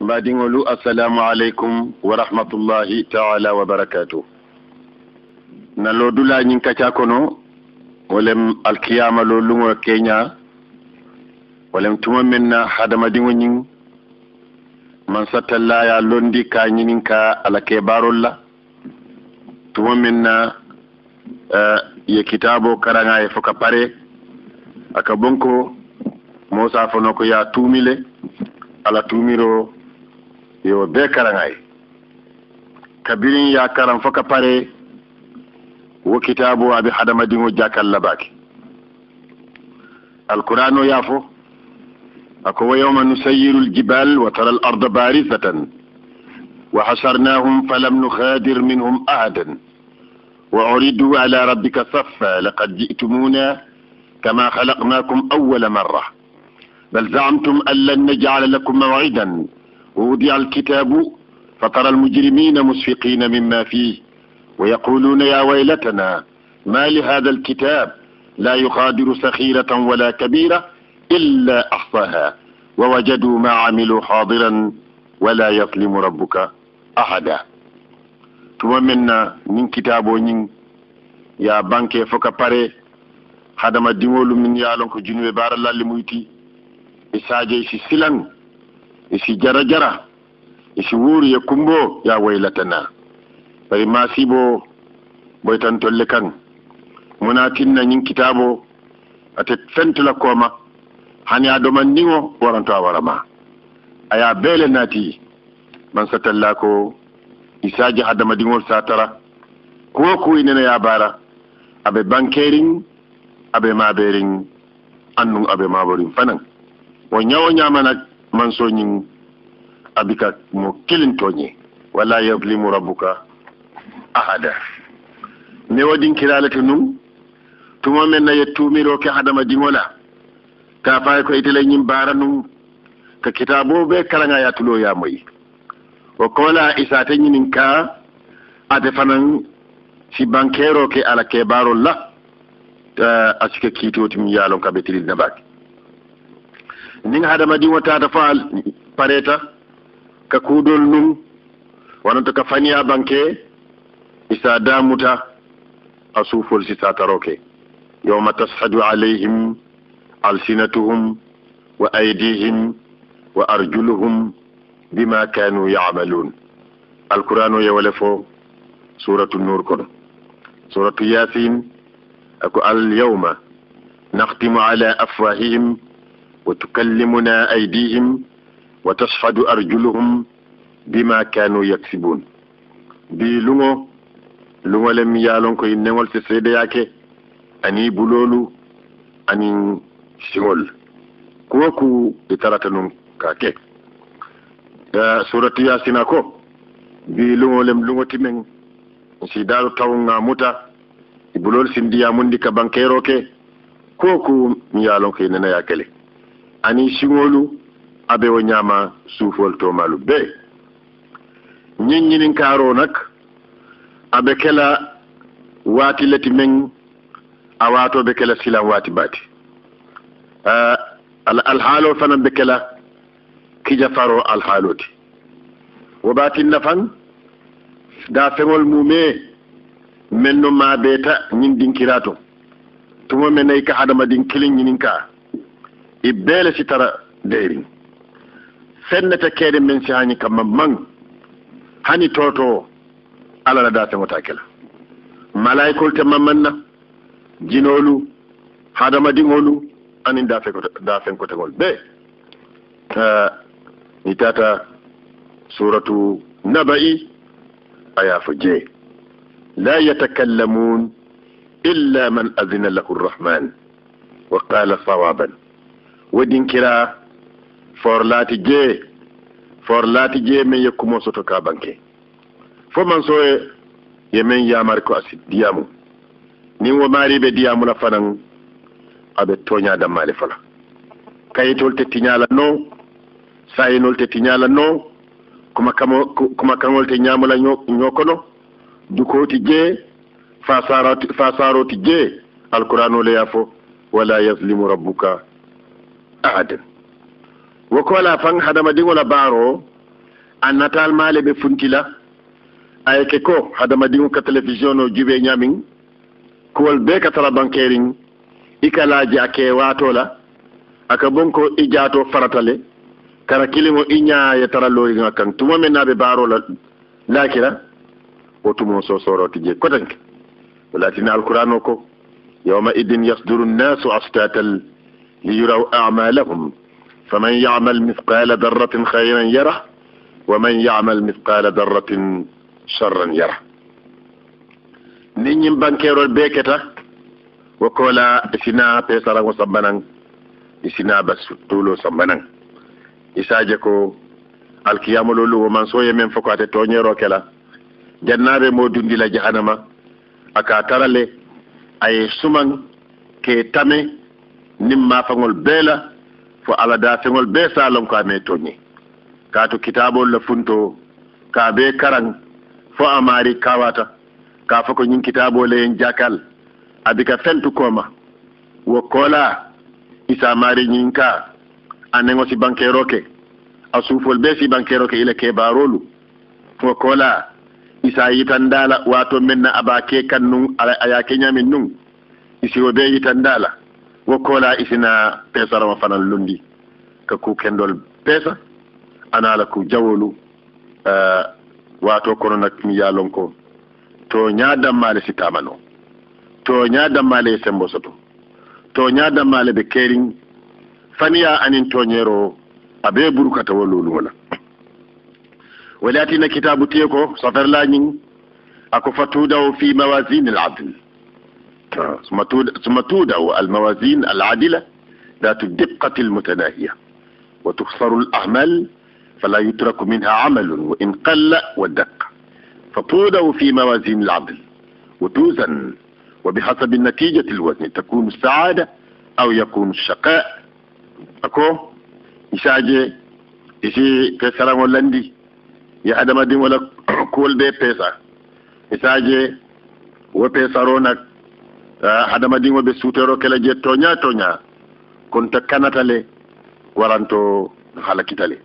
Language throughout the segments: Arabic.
mbaadiŋolu assalamu aleykum wa rahmatullahi taala wa barakatu nalodula ñiŋ kaca kono wolem alkiyama lo luŋo keña wolem tuma men na hadamadiŋo ñiŋ mansatallaya londi ka ñinin ka ala kebarol la tuma men na uh, eh, ye kitabo karaŋa ye fo ka pare aka bonko mosa fono ko ya tumile ala tumiro yo be karangai kabirin ya karam faka pare wo kitabu abi hadamadiŋo jakalla baake alqur'ano yaafo ako wa yawma nusayiru ljibal wa tara alarda barizatan wa hasarnahum falam nukhadir minhum ahadan wa uridu ala rabbika saffa laqad ji'tumuna كما خلقناكم أول مرة بل زعمتم أن لن نجعل لكم موعدا ووضع الكتاب فترى المجرمين مشفقين مما فيه ويقولون يا ويلتنا ما لهذا الكتاب لا يغادر سخيرة ولا كبيرة إلا أحصاها ووجدوا ما عملوا حاضرا ولا يظلم ربك أحدا tuma من nin kitabo ñing ya banque foka pare ديمولو من يالونكو جنوي lon ko junube bara lalli muyti e isi jara jara isi wuri ya kumbo ya wailatana bari ma sibo boytan tolle kan muna tinna yin kitabo ta fentula koma hani a domandiŋo waranto a warama a ye beele man sa talla ko isaji hadamadiŋol sa tara kuwo kuwi nene ye abe bankerin abe maaberiŋ annun abe ma fanaŋ wo wanya wanya mana. mansoñin abika mo kilintoñe wala yablimu rabbuka ahada ne wadin kiralete num tuma men mi ro ke hadama dimola ka fayi ko itele ñim bara num ka kitabo be kalaŋa yatulo moy o kola te ñinin ka ate fanan si bankero ke ala baro la a sike kiitotim yaalon kaɓe tilil nabaki nin hadamadiŋo taata fo faal pareta ka kuudol nuŋ wanato ka faniya banke isa damuta a suufol si ta taroke yawma tashadu alayhim alsinatuhum wa aydihim wa arjuluhum bima kanu yamalun القران يا fo suratu nur kono suratu yasin ako alyawma nakhtimu ala afwahihim وتكلمنا أيديهم وتشهد أرجلهم بما كانوا يكسبون bi lungo lungo le mi yalon ko nengol se sede yake ani bulolu ani singol ko ku itarata nun ka ke da surati yasina ko bi lungo lem lungo timen si dalu taw nga muta ibulol ka bankero ke ko mi yalon ko nena anii siŋolu abe wo ñaama suufol toomalu bee ñiŋ ñininkaaroo nak abe ke la waati le ti meŋ a waatoo be ke la silaŋ waati baati alhaaloo fanaŋ be ke la kija faroo alhaaloo ti wo baatin nafaŋ daa feŋol muumee meŋ no maa beeta ñiŋ dinkiraa to tumo me na i ka hadamadiŋ kiliŋ ñininkaa ibbele sitara deyri fennete keede men si hani kamma man hani toto ala la da sengota kela malaikol te mamanna jinolu hadamadiŋolu anin da fenkotegol be uh, ni tata suratu naba'i aya fo jee la yatakallamun illa man adina lahu rrahman wa qala sawaban wadinkira forlaati jee forlaati jee min yekkumo soto ka banke fo man so e yemin yamar ko asid diyamu nin wo maariɓe diyamula fanan aɓe toña dammale fala kayitol te tiñala no sayinol te tiñala no kuma kamo kuma kaŋol te ñamula ñokono dukoti jee fa saroti jee alquranole ya fo wala yazlimu rabbuka aadin wo kola fan hadamadiŋola baaro a natal maale be funtila ye ke ko hadamadiŋo ka ko o jube ñamiŋ kuwol bee ka tara bankeriŋ i ka laaje a ke waato la a ka bon ko i jaato farata le kara kiliŋo i ñaa ye tara looriŋa kaŋ tuma meŋ naa be baaro la laakira wo tumoo soosoro je kotenke walatina alkurano ko yawma idin yasduru nnasu astatan ليروا أعمالهم فمن يعمل مثقال ذرة خيرا يره ومن يعمل مثقال ذرة شرا يره نين بانكيرو البيكتا وكولا إسنا بيسارا وصبنا إسنا بس طولو صبنا إساجكو القيام لولو ومن سوية من فقاتي تونيرو كلا جنابي مودون دي لجهنم أكاترالي أي سمان كي تامي nin mafaŋol bela fo ala daafeŋol bee be a lon ko a mee toñi kaatu kitaabol la funto ka be karan fo a maari kawata ka a fo ko ñiŋ kitaaboo le yen jakal abika fentu kooma wo koolaa isa maari ñiŋ ka a neŋo si bankeeroo ke a suufol bee si bankeeroo ke i la keebaaroolu wo koolaa isa yitandaa wato waato meŋ na a be a kee kaŋ nuŋ a ye a ke ñaamin nuŋ wo kola isina rama fanan lundi ka ku kendol pesa anala ku jawolu uh, wato kono nak mi yalon ko to ñadammale sittama no to ñadammale e sembo soto to ñadammale ɓe keerin faniya anin toñero abe burkata wo lolu wala walatina kitabu tiye ko saferlañin ako fatudawo fi mawasine l adl ثم تودع الموازين العادلة ذات الدقة المتناهية وتخسر الأعمال فلا يترك منها عمل وإن قل ودق فتودع في موازين العدل وتوزن وبحسب النتيجة الوزن تكون السعادة أو يكون الشقاء أكو إشاجة إشي كسرا ولندي يا أدم ولا كول بي بيسا إشاجة وبيسارونك adama dimoɓe suutero kela je toña toña kono to kanatale waranto halakitale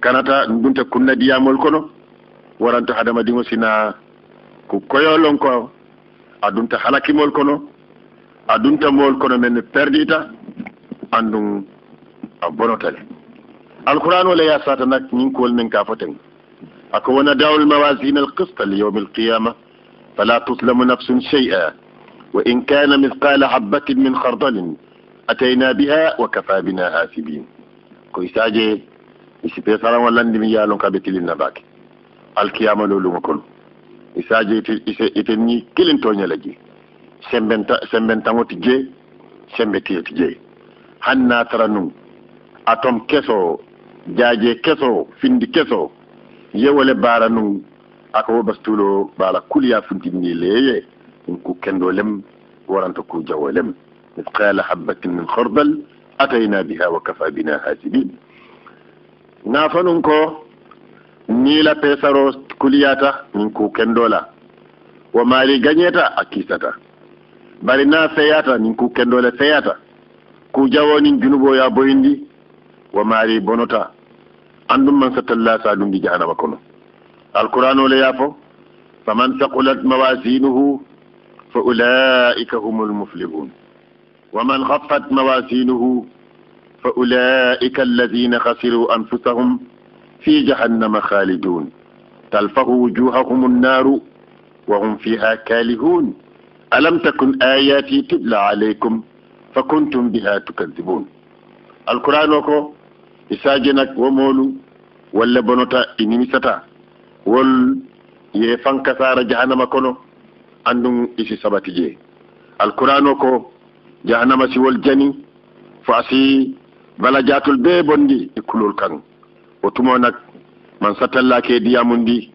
kanata ndunta kunnadiyamol kono waranto adama dimo sina ko koyolon ko adunta halakimol kono adunta mol kono men perdi ta andum a bonotale alquran ole ya satanak ñinkowol men ka foten a ko wona dawol mawasine al qista li yawmi alqiyama fala tuslamu nafsun cheya وإن كان مثقال حبة من خردل أتينا بها وكفى بنا آثمين كويساجي isipe sara wala ndimi yalon kabe kilin na baki alkiyama lolu makon isaje ite ite ni kilin to nyala ji sembenta sembenta ngoti je sembe tiye je hanna taranu atom keso jaje keso findi keso yewole baranu ako bastulo bala kuliya funtini leye انكو كنو لم ورانتكو جو لم مثقال حبة من خردل أتينا بها وكفى بنا هاسبين نافن انكو نيلا بيسارو كلياتا انكو كندولا ومالي غنيتا أكيساتا بارينا سياتا انكو كندولا سياتا كو جاوان جنوبو يا بويندي وماري بونوتا عندما من ست الله سادون دي جهانا وكونا القرآن وليافو فمن ثقلت موازينه فأولئك هم المفلحون ومن خفت موازينه فأولئك الذين خسروا أنفسهم في جهنم خالدون تلفه وجوههم النار وهم فيها كالهون ألم تكن آياتي تبلى عليكم فكنتم بها تكذبون القرآن وكو إساجنك ومولو ولا بنوتا إنمستا ول يفنك سار جهنم كنو anndum isi sabatijee alkuraan o ko jahannama si wol jani fo asi bala jaatol bee bonndi e kulol kan o tuma nak man sattallaake e diyamum ndi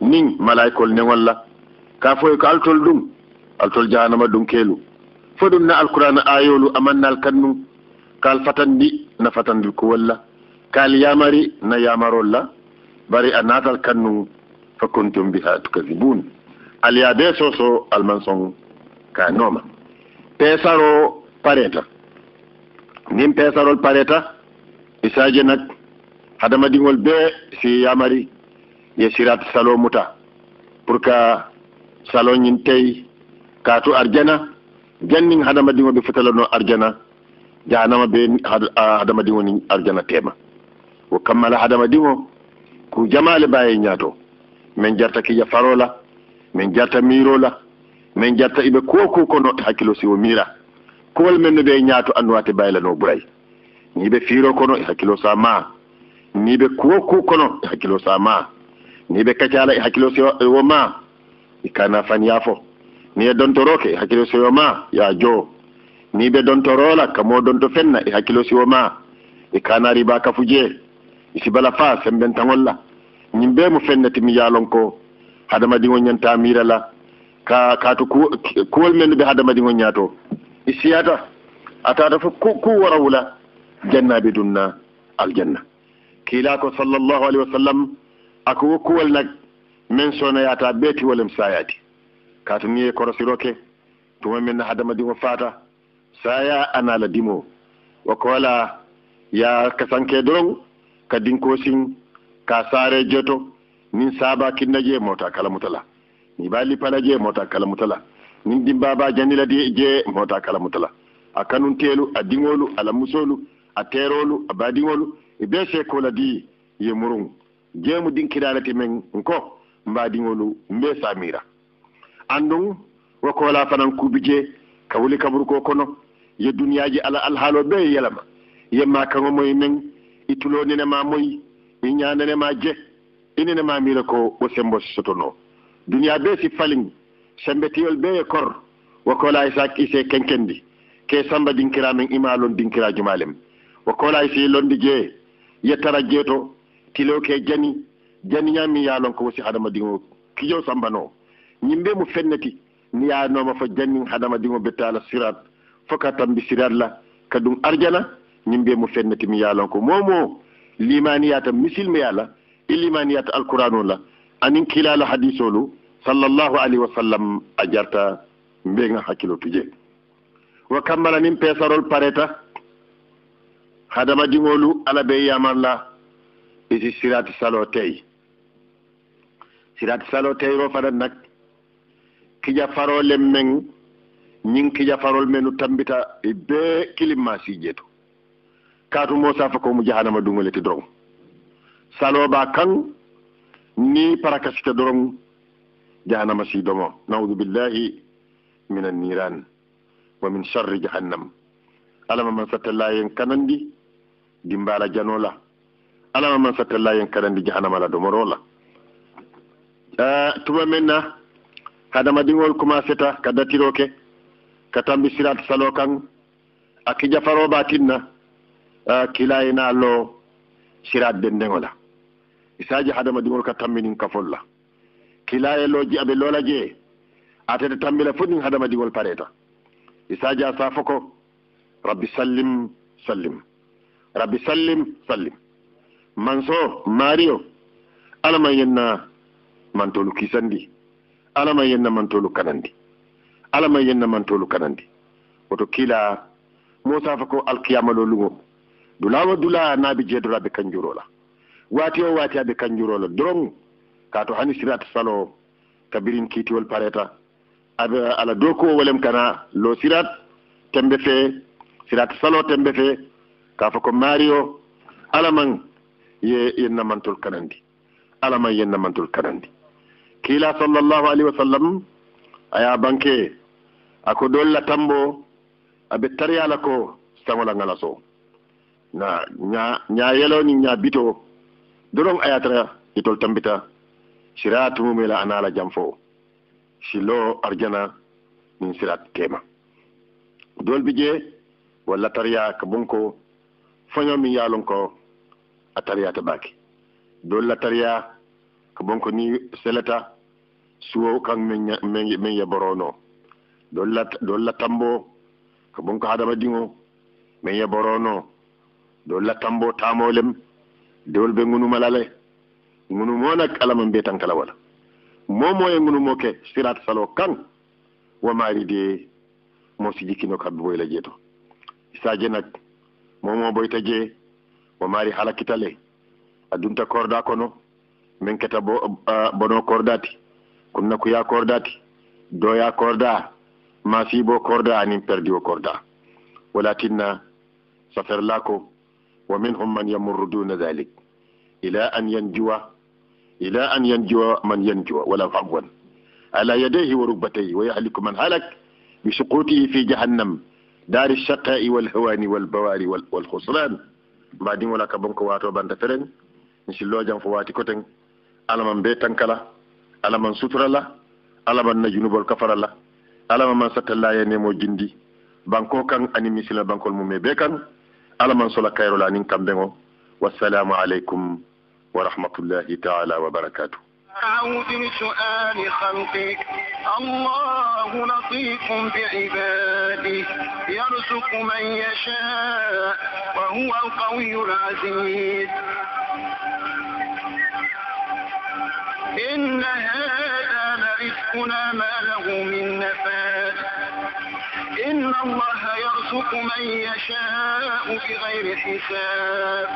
nin malaikol newolla kaa foye ko altol ɗum altol jahannama ɗum keelu fo ɗum na alkuraana aayoolu amannaal kan num kaal fatanndi na fatanndi ko wolla kaal yamari na yamarolla bari a naatal kan num fa kontum biha tukazibune aliyaabe soso almanson ka nooma peesaro pareta min peesarol pareta isaji nak hadama ɗingol be si yamari ye sirat salo muta pour que salo ñin tey kaatu arjana jannin hadama ɗingo ɓe futalano arjana jahanama be hadama ɗingo nin arjana tema wo kammala hadama ɗingo ku jamale mbawi ñaato min jarta kija farola min jatta miirola min jatta iɓe ko ko kono hakkilo siwo miira kowal men no ɓe ñaato annuwate baylano ɓuray ni ɓe fiiro kono e hakkilo sa ni ɓe kuwo ku kono e hakkilo sa ma ni ɓe e kacala e hakkilo siwo e ma i kana fan yaafo ni e donto roke e hakkilo wo ma ya joo ni ɓe dontorola kamo donto fenna e hakkilo siwo ma i kana riba kafu isibala i sibala fa semben tagolla mo fennati mi yaalon ko hadamadiŋo ñanta miira la ka kaatu kuwol mennu be hadamadiŋo ñaato i siyata a taata fo ku warawu la janna be dunna aljanna kiilaa ko sallallahu alayhi wa sallam ako wo kuwol nag men sonoyata bee tiwolem sayaati kaatu niŋ ye korosiro ke tuma men na hadamadiŋo faata saya ana la dimoo wo ko la ya kasanke doroŋ ka dinkoo siŋ ka saare joto min saaba kinnaje mota kalamutala min baali palaje mota kalamutala min dimbaba janiladje mota kalamutala a kanuntelu a diŋolu ala musolu a terolu a badiŋolu e be se kola di ye muruŋ jemu dinkiralati meŋ nko mba diŋolu mbe samira anduŋ wo kola fanaŋ kubije ka wuli kaburu ko kono ye duniyaji ala alhaalo be yelama ye makaŋo moy meŋ ituloninema moy i ñandanema je inene mamira ko wo sembo sotono duniya be si falin tiyol be ye kor wo wakola isak ise kenkendi ke samba dinkira men ima lon dinkira jumalem wakola ise londi je yettara jeeto tiloo ke jani jani ñami yalon ko wosi hadama dingo kijo sambano ñimbe mu fenneti ni ya noma fa janni hadama dingo betala sirat foka tambi sirat la kadum arjana ñimbe mu fennati mi yalon ko momo limaniyata misilme yalla ilimaniyat alquran ola anin kilala hadise olu sallllahu alayhi wa sallam a jarta mbega hakkilo pije wa kammala min pesarol pareta hadamadiŋolu ala be yamanla isi sirati salotey sirati salotey ro fanan nak kija farolen men ñin kija farol menu tambita i bee kilimmasije to katu mosa fa komu jahanama duŋoleti dorogo saloba kan ni paraka sika doron jahannama si domo naudu billahi min anniran wa min sharri jahannam alama man satallayen kanandi dimbala janola alama man satallayen kanandi jahannama la domorola ah, tuma men na hadamadiŋol commenceta ka datiro ke ka tambi sirat salo kan a kijafaro tin na ah, kilayina lo sirat dendeŋo la isaji dimol ka nin kafolla kila e loji abe loola jee atete tambila fo hadama dimol pareta isaji a ko rabbi sallim sallim rabbi sallim sallim manso mario alama yenna mantolu kisandi alama yenna mantolu kanandi alama yenna mantolu kanandi woto kila mo safa ko alkiyama lo lugo dulawa dula naabi jeedoraɓe kanjurola wati o wati aɓe kanjurolo doron ka to hani sirat salo kabirin kiitiwol pareta aɓe ala dow ko wolem kana lo sirat tembe fe sirat salo tembe fe ka fo ko mario alaman ye yennamantol kanandi alaman yennamantol kanandi kiila sallllahu alayhi wa sallam aya banke ako dolla tambo aɓe tariyala ko sangola ngala so na ña ña yelo ni ña bito dolom ayatara itol tambita sirat mumela anala jamfo silo arjana min sirat kema dol bije walla tariya ka bonko faño mi yalon ko a tariya ta baki dol la tariya ka ni selata suwo kan men ye borono dol la dol la tambo ka bonko hadama dingo men ye borono dol la tambo tamolem dewol be ngunuma lale ngunumo nak alama mbiye tankala wala momo e ngunumo ke sirat salo kan wama aridi mo si jikkino kamɓe boyla jee to isaje nak momo boyta jee wama ari hala kitale adunta korda kono min keta bo, uh, bono kordati kum nakuya kordati doya korda masibo korda anin perdi o korda wala tinna safer lako ومنهم من يمر دون ذلك إلى أن ينجو إلى أن ينجو من ينجو ولا عفوا على يديه وركبتيه ويهلك من هلك بسقوطه في جهنم دار الشقاء والهوان والبوار والخسران بعدين ولا كبنك واتو بانت فرن نسي لو جام فواتي كوتن على من بيتن كلا على من ستر لا على من نجنوب الكفر لا على من ستلا ينمو جندي بانكو كان أني مثل بانكو الممي بيكان ألا من صلى kayrola nin كم o والسلام عليكم wa rahmatullahi taala wa barakatuh أعود لسؤال خلقك الله لطيف بعباده يرزق من يشاء وهو القوي العزيز إن هذا لرزقنا ما له من نفاذ إن الله يرزق من يشاء بغير حساب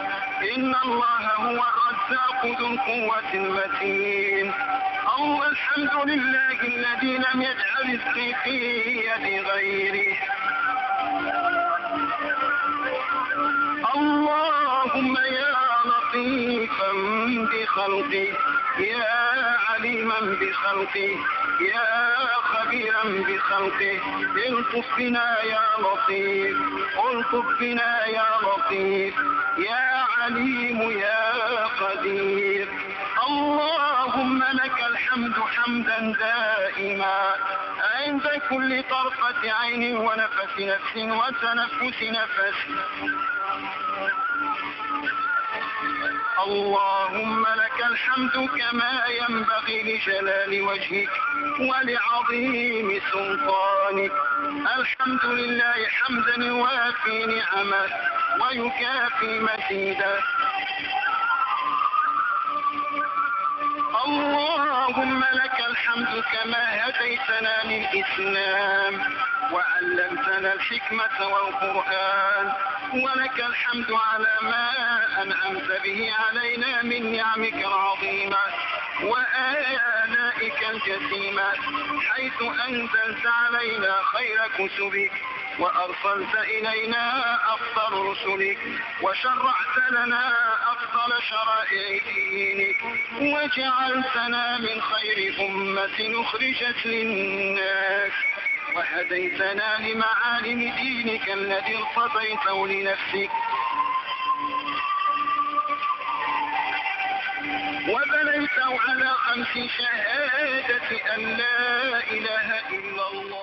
إن الله هو الرزاق ذو القوة المتين أو الحمد لله الذي لم يجعل رزقي في يد غيره اللهم لطيفا بخلقي يا عليما بخلقي يا خبيرا بخلقه الطف بنا يا لطيف الطف بنا يا لطيف يا عليم يا قدير اللهم لك الحمد حمدا دائما عند كل طرفة عين ونفس نفس وتنفس نفس اللهم لك الحمد كما ينبغي لجلال وجهك ولعظيم سلطانك الحمد لله حمدا يوافي نعمه ويكافي مزيده الله اللهم لك الحمد كما هديتنا للإسلام وعلمتنا الحكمة والقرآن ولك الحمد على ما أنعمت به علينا من نعمك العظيمة وآلائك الجسيمة حيث أنزلت علينا خير كتبك وأرسلت إلينا أفضل رسلك وشرعت لنا أفضل شرائع دينك وجعلتنا من خير أمة أخرجت للناس وهديتنا لمعالم دينك الذي ارتضيته لنفسك وبنيته على خمس شهادة أن لا إله إلا الله